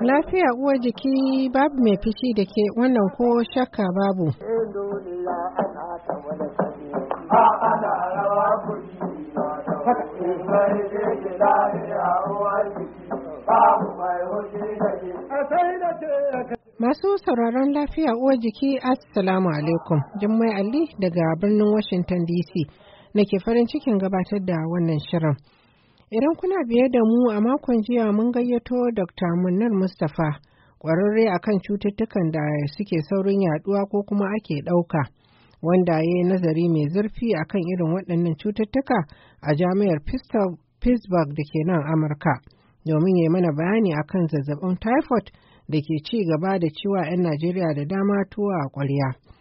Lafiya uwar jiki babu mai fushi da ke wannan ko shakka babu. Masu sauraron lafiya uwar jiki, Assalamu alaikum. Jummai Ali daga birnin Washington DC. na ke farin cikin gabatar da wannan shirin. Idan kuna biye da mu a makon jiya mun gayyato Dr. Munnar Mustapha kwararre akan cututtukan da suke saurin yaduwa ko kuma ake ɗauka, wanda ya yi nazari mai zurfi akan irin waɗannan cututtuka a jami'ar Pittsburgh da ke nan Amurka, domin ya mana bayani a kan zazzabin typhoid da ke ci gaba da ciwa 'yan Najeriya da dama tuwa a ƙwarya.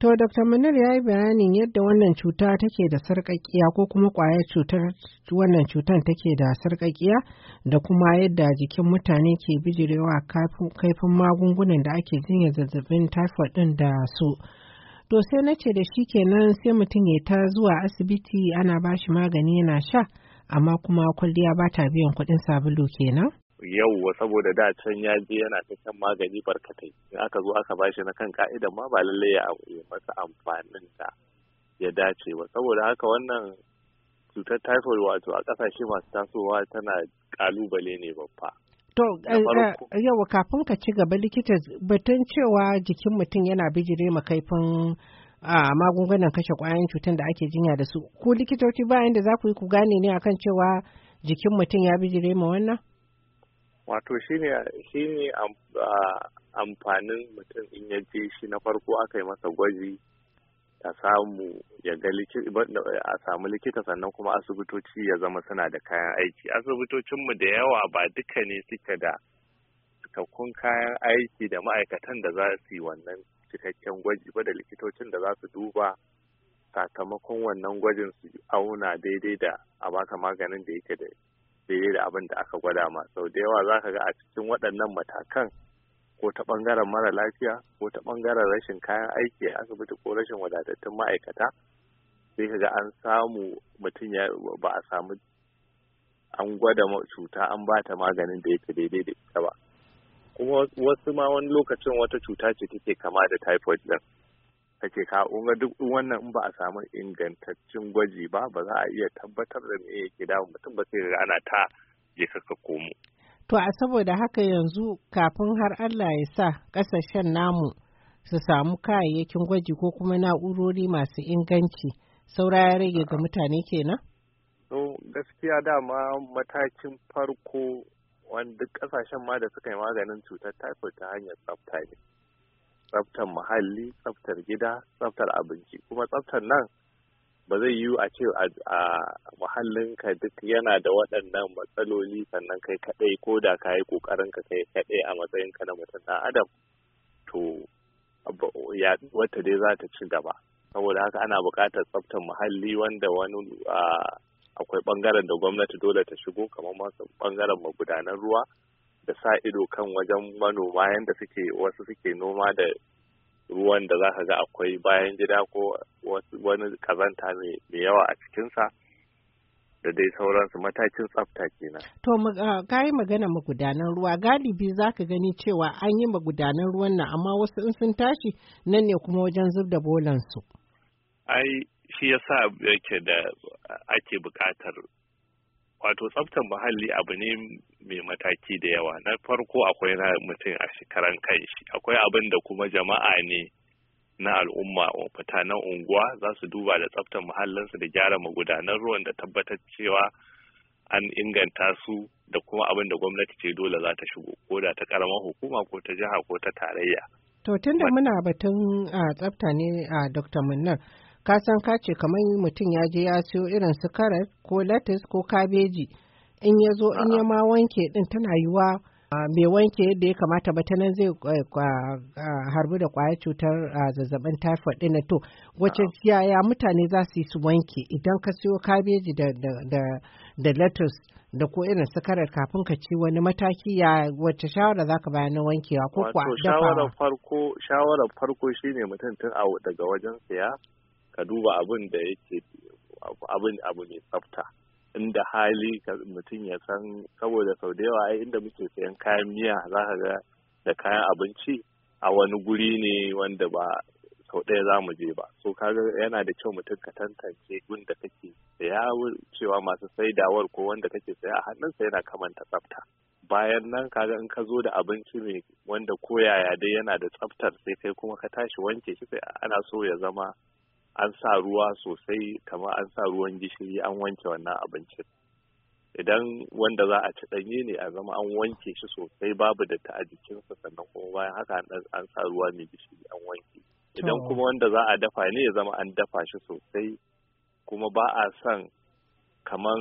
To, Dr. Munir ya yi bayanin yadda wannan cuta take da sarƙaƙiya ko kuma ƙwayar cutar wannan cutar take da sarƙaƙiya da kuma yadda jikin mutane ke bijirewa kaifin magungunan da ake jinya zazzabin typhoid ɗin da su. To, sai na ce da shi kenan sai mutum ya ta zuwa asibiti ana ba shi magani yana sha, amma kuma kwalliya ba ta biyan kuɗin sabulu kenan. yauwa saboda da can ya je yana ta shan magani barkatai in aka zo aka bashi na kan ka'idan ma ba lallai ya masa amfanin ta ya dace ba saboda haka wannan cutar typhoid wato a kasashe masu tasowa tana kalubale ne babba to eh, eh, yawa kafin ka ci gaba likita batun cewa jikin mutum yana bijire makaifin a magungunan kashe kwayan cutar da ake jinya da su ko likitoci bayan da za ku yi ku gane ne akan cewa jikin mutum ya bijire ma wannan wato shine shine amfanin mutum in ya je shi na farko aka yi masa gwaji a samu ya ga a samu likita sannan kuma asibitoci ya zama suna da kayan aiki asibitocinmu da yawa ba duka ne suke da cikakkun kayan aiki da ma'aikatan da za su yi wannan cikakken gwaji ba da likitocin da za su duba sakamakon wannan gwajin su auna daidai da a baka maganin da yake da daidai da abin da aka gwada ma sau da yawa za ka ga a cikin waɗannan matakan ko ta ɓangaren mara lafiya ko ta ɓangaren rashin kayan aiki a asibiti ko rashin wadatattun ma'aikata sai ka ga an samu mutum ya ba a samu an gwada cuta an ba ta maganin da yake daidai da ita ba kuma wasu ma wani lokacin wata cuta ce take kama da typhoid din kake ka unga duk wannan in ba a samu ingantaccen gwaji ba ba za a iya tabbatar da me yake da mutum ba sai ana ta je kaka komo to a saboda haka yanzu kafin har Allah ya sa kasashen namu su samu kayayyakin gwaji ko kuma na'urori masu inganci saura ya rage ga mutane kenan to gaskiya dama matakin farko wanda duk kasashen ma da suka yi maganin cutar typhoid ta hanyar tsafta ne tsaftar muhalli tsaftar gida tsaftar abinci kuma tsaftar nan ba zai yiwu a ce a muhallin ka duk yana da waɗannan matsaloli sannan kai kaɗai ko da ka yi ƙoƙarin ka kai kaɗai a matsayin ka na mutum ɗan adam to wata dai za ta ci gaba saboda haka ana buƙatar tsaftar muhalli wanda wani akwai ɓangaren da gwamnati dole ta shigo kamar masu ɓangaren magudanan ruwa da sa ido kan wajen manoma yadda suke wasu suke noma da ruwan da za ka ga akwai bayan gida ko wani kazanta mai yawa a cikinsa da dai sauransu matakin tsafta kenan. To ah, ka yi magana magudanan ruwa galibi za ka gani cewa an yi magudanan ruwan nan amma wasu in sun tashi nan ne kuma wajen zub da bolansu. Ai shi yasa yake da ake bukatar. wato tsaftar muhalli abu ne mai mataki da yawa na farko akwai na mutum a shekaran kai shi akwai abin da kuma jama'a ne na al'umma fita na unguwa za su duba da tsaftar muhallinsu da gyara magudanan ruwan da tabbatar cewa an inganta su da kuma abin da gwamnati ce dole za ta shigo ko da ta karamar hukuma ko ta jiha ko ta tarayya. To tunda muna batun a ah, tsafta ne ah, a Dr. ka san ka ce kamar mutum ya je ya siyo irin su karar ko latas ko kabeji in ya zo in ya ma wanke din tana yiwa mai ah, wanke yadda ya kamata ba ta nan zai eh, ah, harbi da kwaya cutar ah, zazzabin typhoid din to wace yaya mutane za su yi su wanke idan ka siyo kabeji da lettuce da ko irin sakarar kafin ka ci wani mataki ya wacce shawara za ka bayan wankewa ko kuwa Shawarar farko shine mutum tun daga wajen siya ka duba abin da yake abin abu mai tsafta inda hali mutum ya san saboda sau da yawa inda muke sayan kayan miya za ka ga da kayan abinci a wani guri ne wanda ba sau ɗaya za mu je ba so ka ga yana da kyau mutum ka tantance gun da kake saya cewa masu saidawar ko wanda kake saya a hannunsa yana kamanta tsafta bayan nan kaga in ka zo da abinci mai wanda koyaya dai yana da tsaftar sai kai kuma ka tashi wanke shi sai ana so ya zama an sa ruwa sosai kamar an sa ruwan gishiri an wanke wannan abincin idan wanda za a ci ɗanye ne a zama an wanke shi sosai babu da ta a jikinsa sannan kuma bayan haka an sa ruwa mai gishiri an wanke idan kuma wanda za a dafa ne ya zama an dafa shi sosai kuma ba a son kamar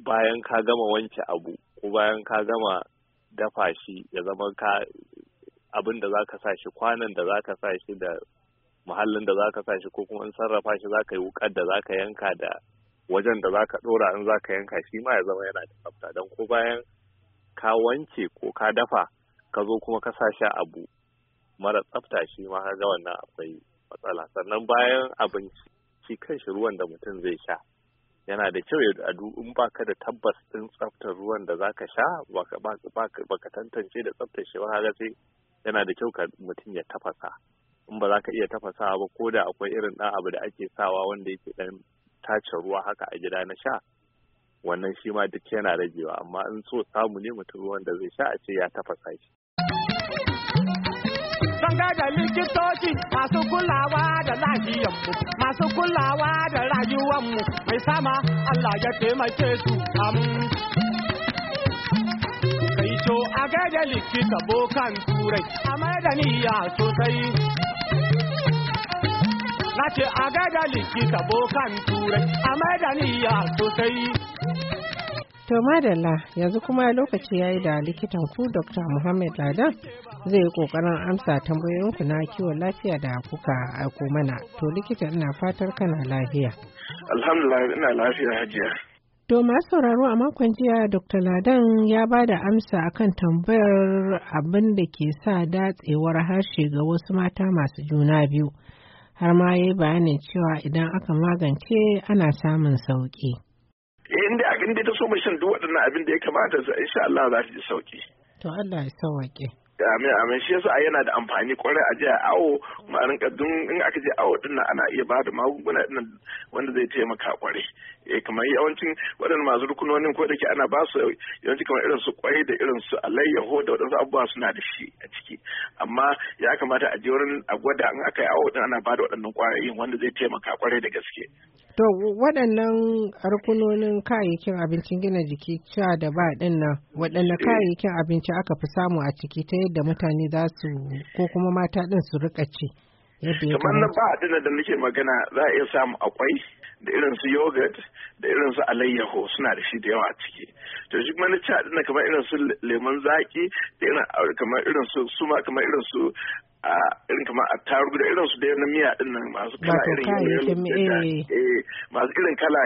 bayan ka gama wanke abu ko bayan ka gama dafa shi ya zama ka abin da za ka sa shi kwanan da za ka sa shi da muhallin da zaka sa shi ko kuma in sarrafa shi zaka yi wukar da zaka yanka da wajen da zaka dora in zaka yanka shi ma ya zama yana da tsafta dan ko bayan ka wanke ko ka dafa ka zo kuma ka sa shi abu mara tsafta shi ma ga wannan akwai matsala sannan bayan abinci shi kanshi ruwan da mutum zai sha yana da kyau ya adu in baka da tabbas din tsaftar ruwan da zaka sha baka baka tantance da tsaftar shi ba ga sai yana da kyau ka mutum ya tafasa in ba za ka iya tafasawa ba ko da akwai irin ɗan abu da ake sawa wanda yake ɗan tace ruwa haka a gida na sha wannan shi ma duk yana ragewa amma in so samu ne mutum wanda zai sha a ce ya tafasa shi. Zan da likitoci masu kulawa da lahiyanmu, masu kulawa da rayuwanmu mai sama Allah ya taimake su amin. a gaida likita bokan turai a da ya sosai na ce a gaida likita bokan turai a da ya sosai To madalla yanzu kuma lokaci ya yi da likitan ku Dr. Muhammad Ladan zai yi kokarin amsa tambayoyinku na kiwon lafiya da kuka aiko mana. To likita ina fatar kana lafiya. Alhamdulillah ina lafiya hajiya. To masu sauraro a makon jiya Dr. Ladan ya ba da amsa akan tambayar abin da ke sa datsewar harshe ga wasu mata masu juna biyu. Har ma ya yi bayanin cewa idan aka magance ana samun sauƙi. Eh, inda abin da ta so mai shan duk waɗannan abin da ya kamata su insha Allah za ta ji sauƙi. To Allah ya sauƙi. Amin amin shi yasa yana da amfani kwarai a jiya awo kuma a in aka je awo din ana iya ba da magunguna wanda zai taimaka kwarai. Eh, kamar yawancin waɗannan masu rukunonin ko da ke ana ba su yawanci kamar irin su kwai da irin su alayyaho da waɗansu abubuwa suna da shi a ciki amma ya kamata a je wurin a gwada in aka yi awo ana ba da waɗannan kwayoyin wanda zai taimaka kwarai da gaske. To waɗannan rukunonin kayayyakin abincin gina jiki cewa da ba ɗin nan waɗanne eh. kayayyakin abinci aka fi samu a ciki ta yadda mutane za su ko kuma mata ɗin su rika ci. Kamar na ba da nake magana za a iya samu akwai da irin su yogurt da irin su alayyaho suna da shi da yawa a ciki to shi mana ci haɗin kamar irin su lemon zaki da irin kamar irin su suma kamar irin su a irin kamar a da irin su da na miya din nan masu kala irin eh. Eh, masu irin kala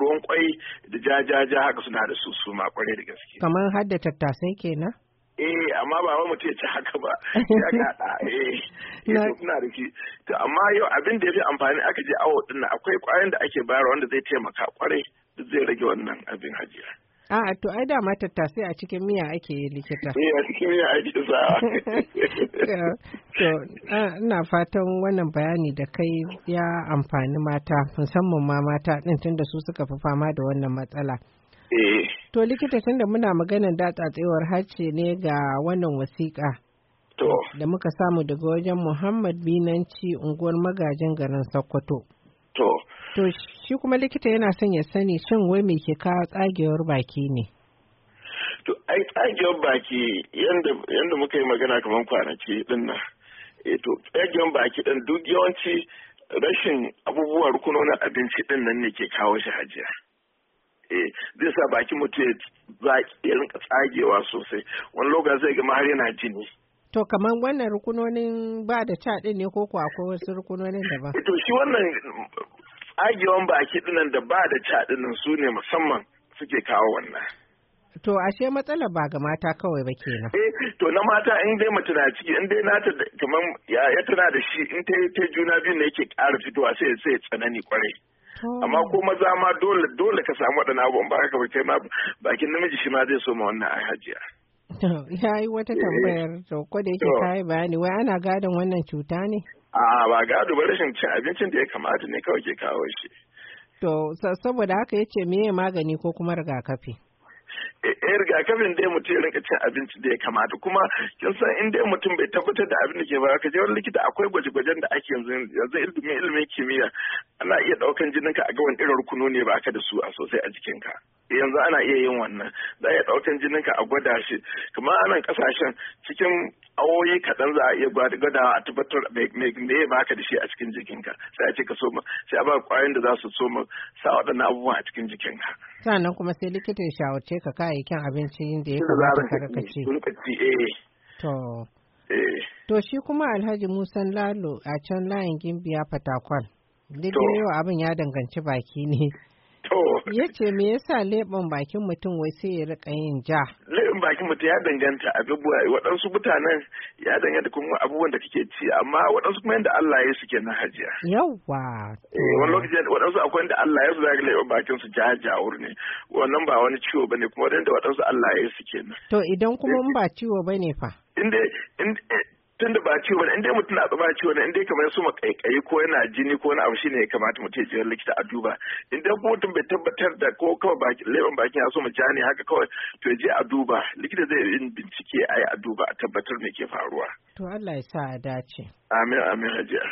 ruwan kwai da jajaja haka suna da su suma kwarai da gaske kamar hadda tattasai kenan eh amma ba wai mutum ya ci haka ba ya ga ah, eh, eh da to amma yau abin da ya fi amfani aka je awo din akwai kwayan da ake bayarwa wanda zai taimaka kwarai duk zai rage wannan abin hajiya A'a to ai da dama tattasai a cikin miya ake yi likita. Eh a cikin miya ake sa. To ina fatan wannan bayani da kai ya amfani mata musamman ma mata din tunda su suka fi fama da wannan matsala. Eh. To likita da muna maganar datsatsewar hacce ne ga wannan wasiƙa. To. Da muka samu daga wajen Muhammad Binanci unguwar magajin garin Sokoto. To. To shi kuma likita yana son ya sani shin wai me ke kawo tsagewar baki ne? To ai tsagewar baki yadda muka yi magana kamar kwanaki din E to tsagewar baki din duk yawanci rashin abubuwan rukunonin abinci din ne ke kawo shi hajiya. eh zai sa baki mutu ya zaki tsagewa sosai wani lokaci zai gama har yana jini to kamar wannan rukunonin ba da ca ne ko ko akwai wasu rukunonin da ba to shi wannan tsagewan baki dinan da ba da ca su ne musamman suke kawo wannan To ashe matsalar ba ga mata kawai ba kenan. Eh to na mata in dai mace na ciki in dai nata kamar ya tana da shi in ta juna biyu ne yake ƙara fitowa sai sai tsanani kwarai. amma ko maza ma dole dole ka samu waɗannan abubuwan ba ka kai ma bakin namiji shi ma zai so ma wannan a hajiya ya yi wata eh. tambayar to ko da yake kai bayani wai ana gadon wannan cuta ne a ba gado ba rashin cin abincin da ya kamata ne kawai ke kawo shi to saboda haka yace me magani ko kuma rigakafi eh rigakafin dai mutum ya rinka cin abinci da ya kamata kuma kin san in dai mutum bai tabbatar da abin da ke ba ka je wani likita akwai gwaje-gwajen da ake yanzu yanzu ilimin ilimin kimiyya ana iya daukan jininka a ga wani irin ne ba ka da su a sosai a jikinka. yanzu ana iya yin wannan za iya ɗaukan ka a gwada shi kuma anan ƙasashen cikin awoyi kaɗan za a iya gwada a tabbatar me ya baka da shi a cikin jikinka sai a ce ka soma sai a ba ƙwayoyin da za su soma sa waɗannan abubuwa a cikin jikinka. sannan kuma sai likita ya shawarce ka kayayyakin abinci da ya kamata ka rika ci. Eh. Eh. To shi kuma Alhaji Musan Lalo a can layin Gimbiya Fatakwal. Duk yau abin ya danganci baki ne. Ya ce me yasa leɓen bakin mutum wai sai ya rika yin ja? Leɓen bakin mutum ya danganta abubuwa waɗansu mutanen ya danganta kuma abubuwan da kake ci amma waɗansu kuma yadda Allah ya suke na hajiya. Yawwa. Eh, wani lokaci waɗansu akwai yadda Allah ya su leɓen bakin su jajawur ne wannan ba wani ciwo ba ne kuma yadda waɗansu Allah ya suke na. To idan kuma eh, ba ciwo ba ne fa. Eh, tun da ba ciwo wani in dai mutum na ba ciwo wani inda kamar su makaikayi ko yana jini ko wani abu shine ya kamata mutum ya je likita a duba in ko mutum bai tabbatar da ko kawai baki leban bakin ya so mu jani haka kawai to je a duba likita zai yi bincike a a duba a tabbatar me ke faruwa to Allah ya sa a dace amin amin hajiya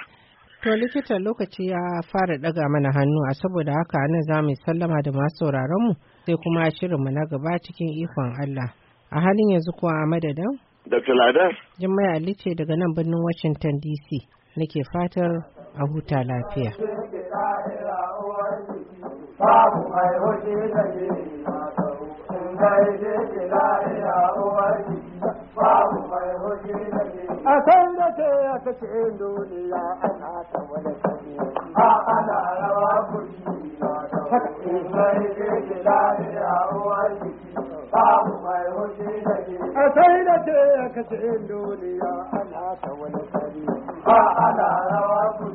to likita lokaci ya fara ɗaga mana hannu a saboda haka nan za mu sallama da masu sauraron mu sai kuma shirinmu na gaba cikin ikon Allah a halin yanzu kuwa a madadin Dr. Ladar? Jummai Ali ce daga nan birnin Washington DC. Nake fatar a huta lafiya. A san da ke ya kace duniya ana ta wani kare, a ana rawa kuri na da wani ke gida da yawon jiki. babu mai da ke a sai da ce duniya ana ta wani kari ana rawa ku